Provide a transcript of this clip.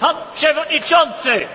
Pan Przewodniczący!